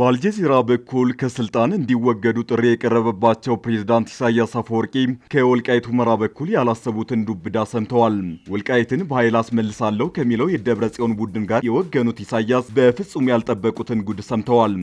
በአልጀዚራ በኩል ከስልጣን እንዲወገዱ ጥሪ የቀረበባቸው ፕሬዝዳንት ኢሳያስ አፈወርቂ ከወልቃይት ሁመራ በኩል ያላሰቡትን ዱብዳ ሰምተዋል። ወልቃይትን በኃይል አስመልሳለሁ ከሚለው የደብረ ጽዮን ቡድን ጋር የወገኑት ኢሳያስ በፍጹም ያልጠበቁትን ጉድ ሰምተዋል።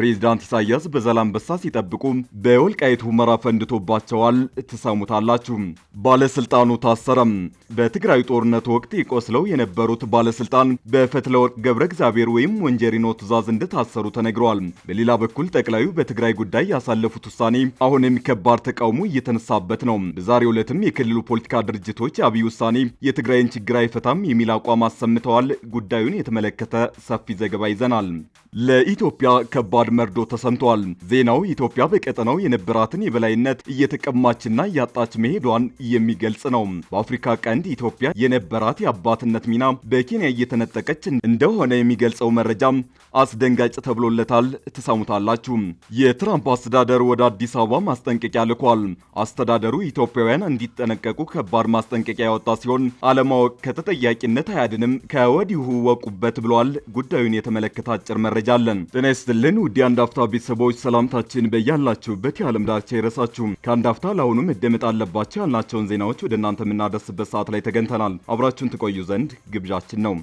ፕሬዚዳንት ኢሳያስ በዛላምበሳ ሲጠብቁ በወልቃይት ሁመራ ፈንድቶባቸዋል። ትሰሙታላችሁ። ባለስልጣኑ ታሰረም። በትግራይ ጦርነት ወቅት ቆስለው የነበሩት ባለስልጣን በፈትለወርቅ ገብረ እግዚአብሔር ወይም ወንጀሪኖ ትእዛዝ እንደታሰሩ ተነግረዋል። በሌላ በኩል ጠቅላዩ በትግራይ ጉዳይ ያሳለፉት ውሳኔ አሁንም ከባድ ተቃውሞ እየተነሳበት ነው። በዛሬው ዕለትም የክልሉ ፖለቲካ ድርጅቶች አብይ ውሳኔ የትግራይን ችግር አይፈታም የሚል አቋም አሰምተዋል። ጉዳዩን የተመለከተ ሰፊ ዘገባ ይዘናል። ለኢትዮጵያ ከባድ ከባድ መርዶ ተሰምቷል። ዜናው ኢትዮጵያ በቀጠናው የነበራትን የበላይነት እየተቀማችና እያጣች መሄዷን የሚገልጽ ነው። በአፍሪካ ቀንድ ኢትዮጵያ የነበራት የአባትነት ሚና በኬንያ እየተነጠቀች እንደሆነ የሚገልጸው መረጃም አስደንጋጭ ተብሎለታል። ትሰሙታላችሁ። የትራምፕ አስተዳደር ወደ አዲስ አበባ ማስጠንቀቂያ ልኳል። አስተዳደሩ ኢትዮጵያውያን እንዲጠነቀቁ ከባድ ማስጠንቀቂያ ያወጣ ሲሆን አለማወቅ ከተጠያቂነት አያድንም፣ ከወዲሁ ወቁበት ብሏል። ጉዳዩን የተመለከተ አጭር መረጃ አለን። ጤና ይስጥልን ውድ የአንድ አፍታ ቤተሰቦች ሰላምታችን በያላችሁበት የዓለም ዳርቻ ይረሳችሁም። ከአንድ አፍታ ለአሁኑ መደመጥ አለባቸው ያልናቸውን ዜናዎች ወደ እናንተ የምናደርስበት ሰዓት ላይ ተገኝተናል። አብራችሁን ትቆዩ ዘንድ ግብዣችን ነው።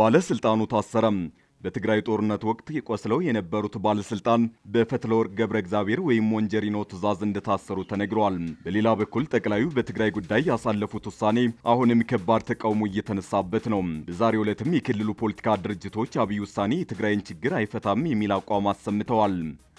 ባለስልጣኑ ታሰረም። በትግራይ ጦርነት ወቅት ቆስለው የነበሩት ባለስልጣን በፈትለወርቅ ገብረ እግዚአብሔር ወይም ሞንጀሪኖ ትዕዛዝ እንደታሰሩ ተነግረዋል። በሌላ በኩል ጠቅላዩ በትግራይ ጉዳይ ያሳለፉት ውሳኔ አሁንም ከባድ ተቃውሞ እየተነሳበት ነው። በዛሬው ዕለትም የክልሉ ፖለቲካ ድርጅቶች አብይ ውሳኔ የትግራይን ችግር አይፈታም የሚል አቋም አሰምተዋል።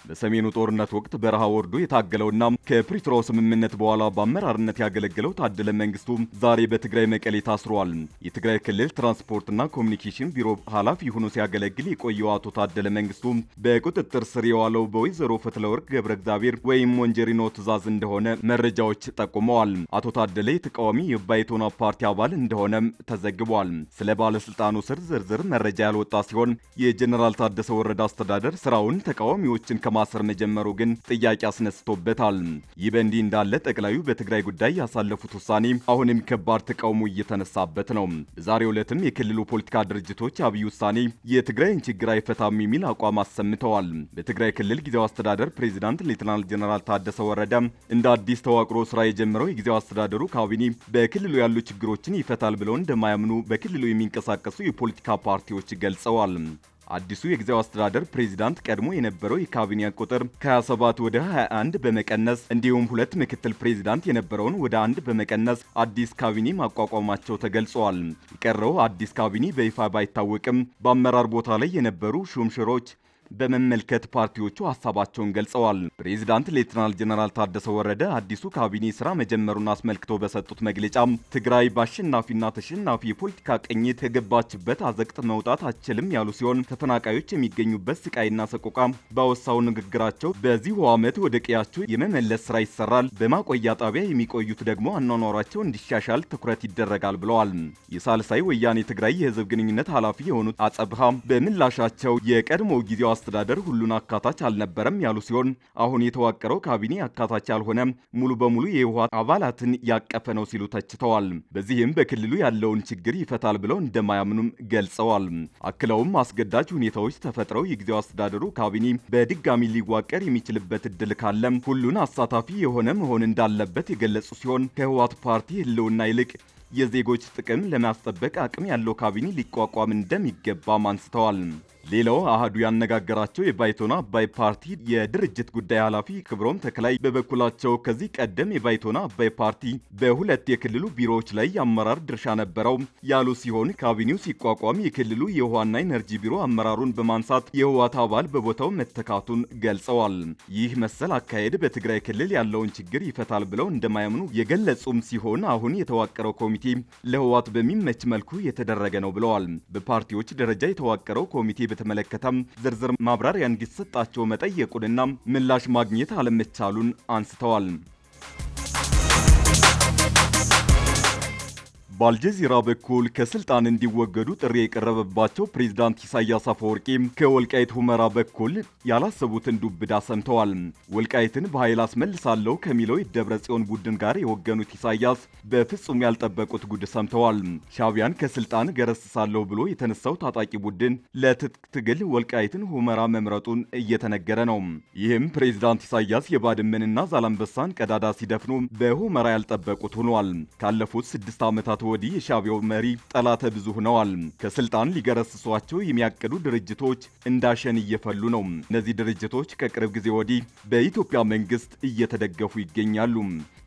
በሰሜኑ ጦርነት ወቅት በረሃ ወርዶ የታገለውና ከፕሪቶሪያው ስምምነት በኋላ በአመራርነት ያገለገለው ታደለ መንግስቱ ዛሬ በትግራይ መቀሌ ታስሯል። የትግራይ ክልል ትራንስፖርትና ኮሚኒኬሽን ቢሮ ኃላፊ ሆኖ ሲያገለግል የቆየው አቶ ታደለ መንግስቱ በቁጥጥር ስር የዋለው በወይዘሮ ፈትለወርቅ ገብረ እግዚአብሔር ወይም ወንጀሪኖ ትእዛዝ እንደሆነ መረጃዎች ጠቁመዋል። አቶ ታደለ የተቃዋሚ የባይቶና ፓርቲ አባል እንደሆነም ተዘግቧል። ስለ ባለስልጣኑ ስር ዝርዝር መረጃ ያልወጣ ሲሆን የጀኔራል ታደሰ ወረዳ አስተዳደር ስራውን ተቃዋሚዎችን ማሰር መጀመሩ ግን ጥያቄ አስነስቶበታል። ይህ በእንዲህ እንዳለ ጠቅላዩ በትግራይ ጉዳይ ያሳለፉት ውሳኔ አሁንም ከባድ ተቃውሞ እየተነሳበት ነው። በዛሬው ዕለትም የክልሉ ፖለቲካ ድርጅቶች አብይ ውሳኔ የትግራይን ችግር አይፈታም የሚል አቋም አሰምተዋል። በትግራይ ክልል ጊዜያዊ አስተዳደር ፕሬዚዳንት ሌትናል ጀነራል ታደሰ ወረዳ እንደ አዲስ ተዋቅሮ ስራ የጀመረው የጊዜያዊ አስተዳደሩ ካቢኔ በክልሉ ያሉ ችግሮችን ይፈታል ብለው እንደማያምኑ በክልሉ የሚንቀሳቀሱ የፖለቲካ ፓርቲዎች ገልጸዋል። አዲሱ የጊዜው አስተዳደር ፕሬዚዳንት ቀድሞ የነበረው የካቢኔ ቁጥር ከ27 ወደ 21 በመቀነስ እንዲሁም ሁለት ምክትል ፕሬዚዳንት የነበረውን ወደ አንድ በመቀነስ አዲስ ካቢኔ ማቋቋማቸው ተገልጸዋል። የቀረው አዲስ ካቢኔ በይፋ ባይታወቅም በአመራር ቦታ ላይ የነበሩ ሹምሽሮች በመመልከት ፓርቲዎቹ ሀሳባቸውን ገልጸዋል። ፕሬዚዳንት ሌትናል ጀነራል ታደሰ ወረደ አዲሱ ካቢኔ ስራ መጀመሩን አስመልክቶ በሰጡት መግለጫ ትግራይ በአሸናፊና ተሸናፊ የፖለቲካ ቅኝት ከገባችበት አዘቅጥ መውጣት አችልም ያሉ ሲሆን ተፈናቃዮች የሚገኙበት ስቃይና ሰቆቃ ባወሳው ንግግራቸው በዚሁ ዓመት ወደ ቀያቸው የመመለስ ስራ ይሰራል፣ በማቆያ ጣቢያ የሚቆዩት ደግሞ አኗኗራቸው እንዲሻሻል ትኩረት ይደረጋል ብለዋል። የሳልሳይ ወያኔ ትግራይ የህዝብ ግንኙነት ኃላፊ የሆኑት አጸብሃ በምላሻቸው የቀድሞ ጊዜው አስተዳደር ሁሉን አካታች አልነበረም ያሉ ሲሆን አሁን የተዋቀረው ካቢኔ አካታች ያልሆነ ሙሉ በሙሉ የህወሓት አባላትን ያቀፈ ነው ሲሉ ተችተዋል። በዚህም በክልሉ ያለውን ችግር ይፈታል ብለው እንደማያምኑም ገልጸዋል። አክለውም አስገዳጅ ሁኔታዎች ተፈጥረው የጊዜው አስተዳደሩ ካቢኔ በድጋሚ ሊዋቀር የሚችልበት እድል ካለም ሁሉን አሳታፊ የሆነ መሆን እንዳለበት የገለጹ ሲሆን ከህወሓት ፓርቲ ህልውና ይልቅ የዜጎች ጥቅም ለማስጠበቅ አቅም ያለው ካቢኔ ሊቋቋም እንደሚገባም አንስተዋል። ሌላው አህዱ ያነጋገራቸው የባይቶና አባይ ፓርቲ የድርጅት ጉዳይ ኃላፊ ክብሮም ተክላይ በበኩላቸው ከዚህ ቀደም የባይቶና አባይ ፓርቲ በሁለት የክልሉ ቢሮዎች ላይ የአመራር ድርሻ ነበረው ያሉ ሲሆን ካቢኔው ሲቋቋም የክልሉ የውሃና ኢነርጂ ቢሮ አመራሩን በማንሳት የህዋት አባል በቦታው መተካቱን ገልጸዋል። ይህ መሰል አካሄድ በትግራይ ክልል ያለውን ችግር ይፈታል ብለው እንደማያምኑ የገለጹም ሲሆን አሁን የተዋቀረው ኮሚቴ ለህዋት በሚመች መልኩ የተደረገ ነው ብለዋል። በፓርቲዎች ደረጃ የተዋቀረው ኮሚቴ በተመለከተም ዝርዝር ማብራሪያ እንዲሰጣቸው መጠየቁንና ምላሽ ማግኘት አለመቻሉን አንስተዋል። በአልጀዚራ በኩል ከስልጣን እንዲወገዱ ጥሪ የቀረበባቸው ፕሬዝዳንት ኢሳያስ አፈወርቂ ከወልቃይት ሁመራ በኩል ያላሰቡትን ዱብዳ ሰምተዋል። ወልቃይትን በኃይል አስመልሳለሁ ከሚለው የደብረ ጽዮን ቡድን ጋር የወገኑት ኢሳያስ በፍጹም ያልጠበቁት ጉድ ሰምተዋል። ሻቢያን ከስልጣን ገረስሳለሁ ብሎ የተነሳው ታጣቂ ቡድን ለትጥቅ ትግል ወልቃይትን ሁመራ መምረጡን እየተነገረ ነው። ይህም ፕሬዝዳንት ኢሳያስ የባድመንና ዛላንበሳን ቀዳዳ ሲደፍኑ በሁመራ ያልጠበቁት ሆኗል። ካለፉት ስድስት ዓመታት ወዲህ የሻቢያው መሪ ጠላተ ብዙ ሆነዋል። ከስልጣን ሊገረስሷቸው የሚያቅዱ ድርጅቶች እንዳሸን እየፈሉ ነው። እነዚህ ድርጅቶች ከቅርብ ጊዜ ወዲህ በኢትዮጵያ መንግስት እየተደገፉ ይገኛሉ።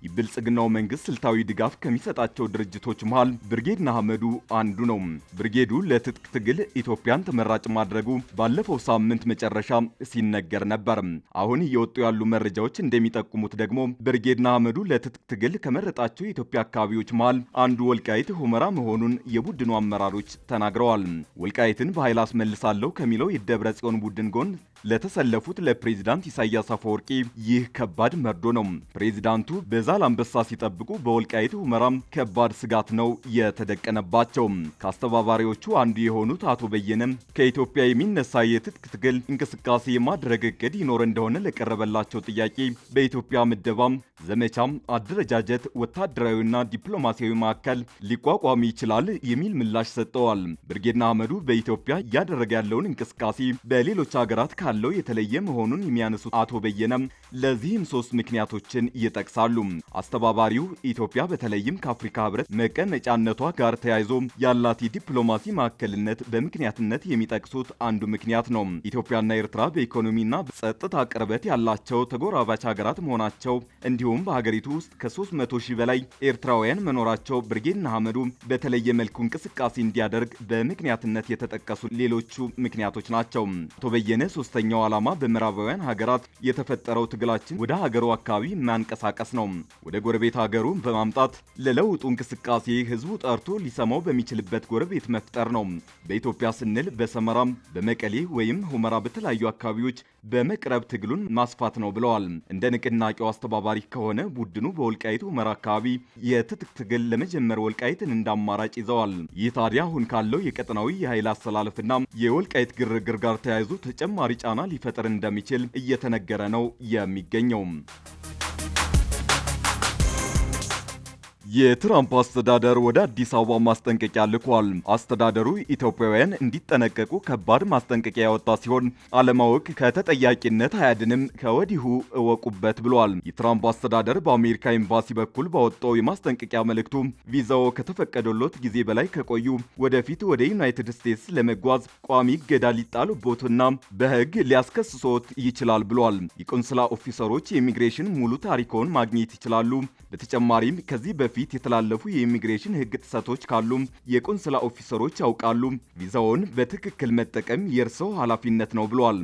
የብልጽግናው መንግስት ስልታዊ ድጋፍ ከሚሰጣቸው ድርጅቶች መሃል ብርጌድ ናህመዱ አንዱ ነው። ብርጌዱ ለትጥቅ ትግል ኢትዮጵያን ተመራጭ ማድረጉ ባለፈው ሳምንት መጨረሻ ሲነገር ነበር። አሁን እየወጡ ያሉ መረጃዎች እንደሚጠቁሙት ደግሞ ብርጌድ ናህመዱ ለትጥቅ ትግል ከመረጣቸው የኢትዮጵያ አካባቢዎች መሃል አንዱ ወልቀ ወልቃይት ሁመራ መሆኑን የቡድኑ አመራሮች ተናግረዋል። ወልቃይትን በኃይል አስመልሳለሁ ከሚለው የደብረ ጽዮን ቡድን ጎን ለተሰለፉት ለፕሬዚዳንት ኢሳያስ አፈወርቂ ይህ ከባድ መርዶ ነው። ፕሬዚዳንቱ በዛላምበሳ ሲጠብቁ በወልቃይት ሁመራም ከባድ ስጋት ነው የተደቀነባቸው። ከአስተባባሪዎቹ አንዱ የሆኑት አቶ በየነ ከኢትዮጵያ የሚነሳ የትጥቅ ትግል እንቅስቃሴ የማድረግ እቅድ ይኖር እንደሆነ ለቀረበላቸው ጥያቄ በኢትዮጵያ ምደባም፣ ዘመቻም፣ አደረጃጀት፣ ወታደራዊና ዲፕሎማሲያዊ ማዕከል ሊቋቋም ይችላል የሚል ምላሽ ሰጥተዋል። ብርጌድና አህመዱ በኢትዮጵያ እያደረገ ያለውን እንቅስቃሴ በሌሎች ሀገራት ካለው የተለየ መሆኑን የሚያነሱት አቶ በየነም ለዚህም ሶስት ምክንያቶችን ይጠቅሳሉ። አስተባባሪው ኢትዮጵያ በተለይም ከአፍሪካ ህብረት መቀመጫነቷ ጋር ተያይዞ ያላት የዲፕሎማሲ ማዕከልነት በምክንያትነት የሚጠቅሱት አንዱ ምክንያት ነው። ኢትዮጵያና ኤርትራ በኢኮኖሚና በጸጥታ ቅርበት ያላቸው ተጎራባች ሀገራት መሆናቸው እንዲሁም በሀገሪቱ ውስጥ ከ300 ሺህ በላይ ኤርትራውያን መኖራቸው ብርጌድና አህመዱ በተለየ መልኩ እንቅስቃሴ እንዲያደርግ በምክንያትነት የተጠቀሱ ሌሎቹ ምክንያቶች ናቸው። አቶ በየነ ሶስተኛው ዓላማ በምዕራባውያን ሀገራት የተፈጠረው ትግላችን ወደ ሀገሩ አካባቢ ማንቀሳቀስ ነው፣ ወደ ጎረቤት ሀገሩ በማምጣት ለለውጡ እንቅስቃሴ ህዝቡ ጠርቶ ሊሰማው በሚችልበት ጎረቤት መፍጠር ነው። በኢትዮጵያ ስንል በሰመራም በመቀሌ ወይም ሁመራ በተለያዩ አካባቢዎች በመቅረብ ትግሉን ማስፋት ነው ብለዋል። እንደ ንቅናቄው አስተባባሪ ከሆነ ቡድኑ በወልቃይቱ ሁመራ አካባቢ የትጥቅ ትግል ለመጀመር ወልቃ ወልቃይትን እንደ አማራጭ ይዘዋል። ይህ ታዲያ አሁን ካለው የቀጠናዊ የኃይል አሰላለፍና የወልቃይት ግርግር ጋር ተያይዞ ተጨማሪ ጫና ሊፈጥር እንደሚችል እየተነገረ ነው የሚገኘው። የትራምፕ አስተዳደር ወደ አዲስ አበባ ማስጠንቀቂያ ልኳል። አስተዳደሩ ኢትዮጵያውያን እንዲጠነቀቁ ከባድ ማስጠንቀቂያ ያወጣ ሲሆን አለማወቅ ከተጠያቂነት አያድንም፣ ከወዲሁ እወቁበት ብሏል። የትራምፕ አስተዳደር በአሜሪካ ኤምባሲ በኩል ባወጣው የማስጠንቀቂያ መልእክቱ ቪዛው ከተፈቀደሎት ጊዜ በላይ ከቆዩ ወደፊት ወደ ዩናይትድ ስቴትስ ለመጓዝ ቋሚ እገዳ ሊጣልቦትና በህግ ሊያስከስሶት ይችላል ብሏል። የቆንስላ ኦፊሰሮች የኢሚግሬሽን ሙሉ ታሪኮን ማግኘት ይችላሉ። በተጨማሪም ከዚህ በፊት በፊት የተላለፉ የኢሚግሬሽን ህግ ጥሰቶች ካሉም የቆንስላ ኦፊሰሮች ያውቃሉ። ቪዛውን በትክክል መጠቀም የእርሰው ኃላፊነት ነው ብሏል።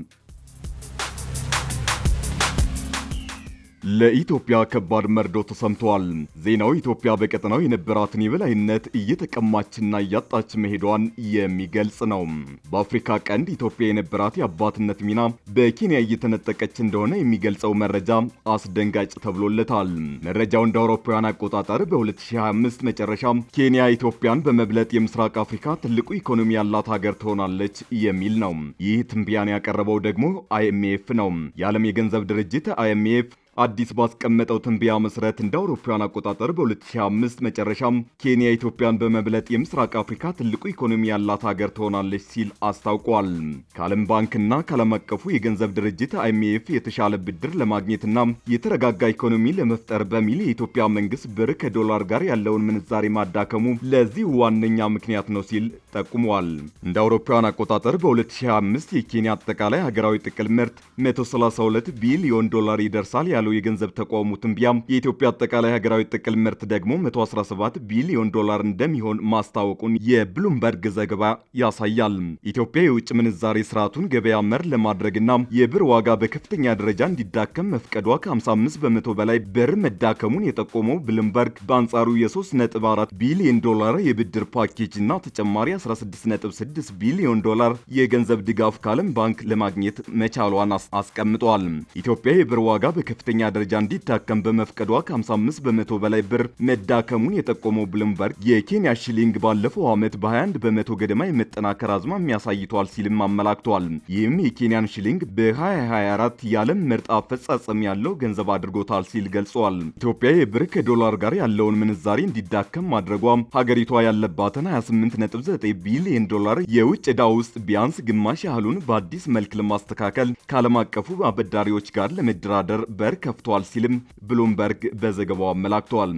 ለኢትዮጵያ ከባድ መርዶ ተሰምቷል። ዜናው ኢትዮጵያ በቀጠናው የነበራትን የበላይነት እየተቀማችና እያጣች መሄዷን የሚገልጽ ነው። በአፍሪካ ቀንድ ኢትዮጵያ የነበራት የአባትነት ሚና በኬንያ እየተነጠቀች እንደሆነ የሚገልጸው መረጃ አስደንጋጭ ተብሎለታል። መረጃው እንደ አውሮፓውያን አቆጣጠር በ2025 መጨረሻ ኬንያ ኢትዮጵያን በመብለጥ የምስራቅ አፍሪካ ትልቁ ኢኮኖሚ ያላት ሀገር ትሆናለች የሚል ነው። ይህ ትንቢያን ያቀረበው ደግሞ አይኤምኤፍ ነው። የዓለም የገንዘብ ድርጅት አይኤምኤፍ አዲስ ባስቀመጠው ትንበያ መሰረት እንደ አውሮፓውያን አቆጣጠር በ2025 መጨረሻም ኬንያ ኢትዮጵያን በመብለጥ የምስራቅ አፍሪካ ትልቁ ኢኮኖሚ ያላት ሀገር ትሆናለች ሲል አስታውቋል። ከዓለም ባንክና ከዓለም አቀፉ የገንዘብ ድርጅት አይኤምኤፍ የተሻለ ብድር ለማግኘትና የተረጋጋ ኢኮኖሚ ለመፍጠር በሚል የኢትዮጵያ መንግስት ብር ከዶላር ጋር ያለውን ምንዛሬ ማዳከሙ ለዚህ ዋነኛ ምክንያት ነው ሲል ጠቁሟል። እንደ አውሮፓውያን አቆጣጠር በ2025 የኬንያ አጠቃላይ ሀገራዊ ጥቅል ምርት 132 ቢሊዮን ዶላር ይደርሳል ያለው የገንዘብ ተቋሙ ትንቢያም የኢትዮጵያ አጠቃላይ ሀገራዊ ጥቅል ምርት ደግሞ 117 ቢሊዮን ዶላር እንደሚሆን ማስታወቁን የብሉምበርግ ዘገባ ያሳያል። ኢትዮጵያ የውጭ ምንዛሬ ስርዓቱን ገበያ መር ለማድረግና የብር ዋጋ በከፍተኛ ደረጃ እንዲዳከም መፍቀዷ ከ55 በመቶ በላይ ብር መዳከሙን የጠቆመው ብሉምበርግ በአንጻሩ የ3.4 ቢሊዮን ዶላር የብድር ፓኬጅ እና ተጨማሪ 16.6 ቢሊዮን ዶላር የገንዘብ ድጋፍ ከዓለም ባንክ ለማግኘት መቻሏን አስቀምጧል። ኢትዮጵያ የብር ዋጋ በከፍተኛ በከፍተኛ ደረጃ እንዲታከም በመፍቀዷ ከ55 በመቶ በላይ ብር መዳከሙን የጠቆመው ብሉምበርግ የኬንያ ሺሊንግ ባለፈው ዓመት በ21 በመቶ ገደማ የመጠናከር አዝማሚያ አሳይቷል ሲልም አመላክቷል። ይህም የኬንያን ሺሊንግ በ2024 የዓለም ምርጥ አፈጻጸም ያለው ገንዘብ አድርጎታል ሲል ገልጿል። ኢትዮጵያ የብር ከዶላር ጋር ያለውን ምንዛሬ እንዲዳከም ማድረጓ ሀገሪቷ ያለባትን 289 ቢሊዮን ዶላር የውጭ ዕዳ ውስጥ ቢያንስ ግማሽ ያህሉን በአዲስ መልክ ለማስተካከል ከዓለም አቀፉ አበዳሪዎች ጋር ለመደራደር በር በር ከፍቷል ሲልም ብሉምበርግ በዘገባው አመላክቷል።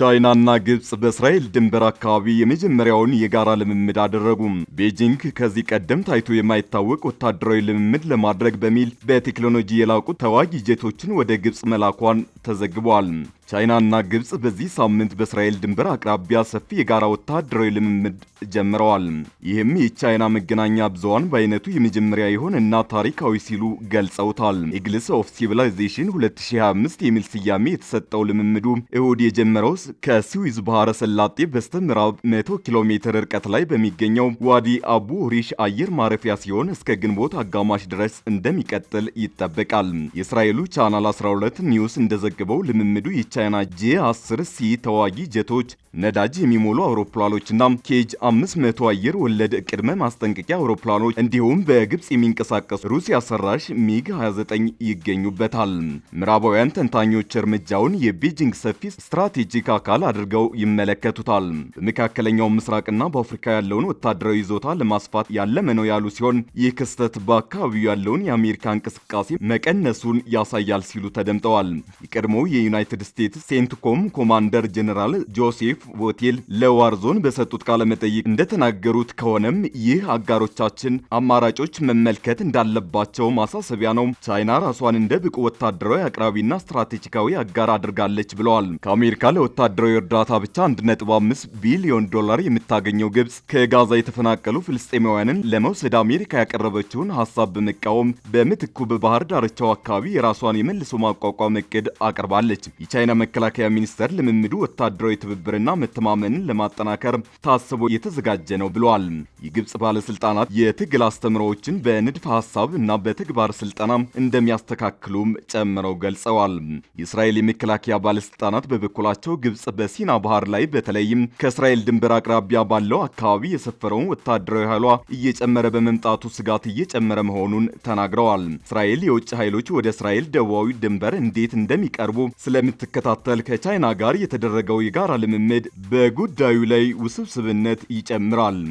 ቻይናና ግብጽ በእስራኤል ድንበር አካባቢ የመጀመሪያውን የጋራ ልምምድ አደረጉ። ቤጂንግ ከዚህ ቀደም ታይቶ የማይታወቅ ወታደራዊ ልምምድ ለማድረግ በሚል በቴክኖሎጂ የላቁ ተዋጊ ጄቶችን ወደ ግብጽ መላኳን ተዘግቧል። ቻይናና ግብጽ በዚህ ሳምንት በእስራኤል ድንበር አቅራቢያ ሰፊ የጋራ ወታደራዊ ልምምድ ጀምረዋል። ይህም የቻይና መገናኛ ብዙሃን በአይነቱ የመጀመሪያ የሆነ እና ታሪካዊ ሲሉ ገልጸውታል። ኢግልስ ኦፍ ሲቪላይዜሽን 2025 የሚል ስያሜ የተሰጠው ልምምዱ እሁድ የጀመረው ከስዊዝ ባህረ ሰላጤ በስተ ምዕራብ 100 ኪሎ ሜትር ርቀት ላይ በሚገኘው ዋዲ አቡ ሪሽ አየር ማረፊያ ሲሆን እስከ ግንቦት አጋማሽ ድረስ እንደሚቀጥል ይጠበቃል። የእስራኤሉ ቻናል 12 ኒውስ እንደዘገበው ልምምዱ የቻይና ጄ 10 ሲ ተዋጊ ጀቶች፣ ነዳጅ የሚሞሉ አውሮፕላኖችና ኬጅ 500 አየር ወለድ ቅድመ ማስጠንቀቂያ አውሮፕላኖች እንዲሁም በግብፅ የሚንቀሳቀሱ ሩሲያ ሰራሽ ሚግ 29 ይገኙበታል። ምዕራባውያን ተንታኞች እርምጃውን የቤጂንግ ሰፊ ስትራቴጂክ አካል አድርገው ይመለከቱታል። በመካከለኛው ምስራቅና በአፍሪካ ያለውን ወታደራዊ ይዞታ ለማስፋት ያለመ ነው ያሉ ሲሆን ይህ ክስተት በአካባቢው ያለውን የአሜሪካ እንቅስቃሴ መቀነሱን ያሳያል ሲሉ ተደምጠዋል። የቀድሞው የዩናይትድ ስቴትስ ሴት ሴንትኮም ኮማንደር ጀነራል ጆሴፍ ቮቴል ለዋር ዞን በሰጡት ቃለመጠይቅ እንደተናገሩት ከሆነም ይህ አጋሮቻችን አማራጮች መመልከት እንዳለባቸው ማሳሰቢያ ነው። ቻይና ራሷን እንደ ብቁ ወታደራዊ አቅራቢና ስትራቴጂካዊ አጋር አድርጋለች ብለዋል። ከአሜሪካ ለወታደራዊ እርዳታ ብቻ 1.5 ቢሊዮን ዶላር የምታገኘው ግብጽ ከጋዛ የተፈናቀሉ ፍልስጤማውያንን ለመውሰድ አሜሪካ ያቀረበችውን ሀሳብ በመቃወም በምትኩ በባህር ዳርቻው አካባቢ የራሷን የመልሶ ማቋቋም እቅድ አቅርባለች። የቻይና መከላከያ ሚኒስቴር ልምምዱ ወታደራዊ ትብብርና መተማመንን ለማጠናከር ታስቦ የተዘጋጀ ነው ብለዋል። የግብጽ ባለስልጣናት የትግል አስተምሮዎችን በንድፈ ሐሳብ እና በተግባር ስልጠና እንደሚያስተካክሉም ጨምረው ገልጸዋል። የእስራኤል የመከላከያ ባለስልጣናት በበኩላቸው ግብጽ በሲና ባህር ላይ በተለይም ከእስራኤል ድንበር አቅራቢያ ባለው አካባቢ የሰፈረውን ወታደራዊ ኃይሏ እየጨመረ በመምጣቱ ስጋት እየጨመረ መሆኑን ተናግረዋል። እስራኤል የውጭ ኃይሎች ወደ እስራኤል ደቡባዊ ድንበር እንዴት እንደሚቀርቡ ስለምትከታ ለመከታተል ከቻይና ጋር የተደረገው የጋራ ልምምድ በጉዳዩ ላይ ውስብስብነት ይጨምራል።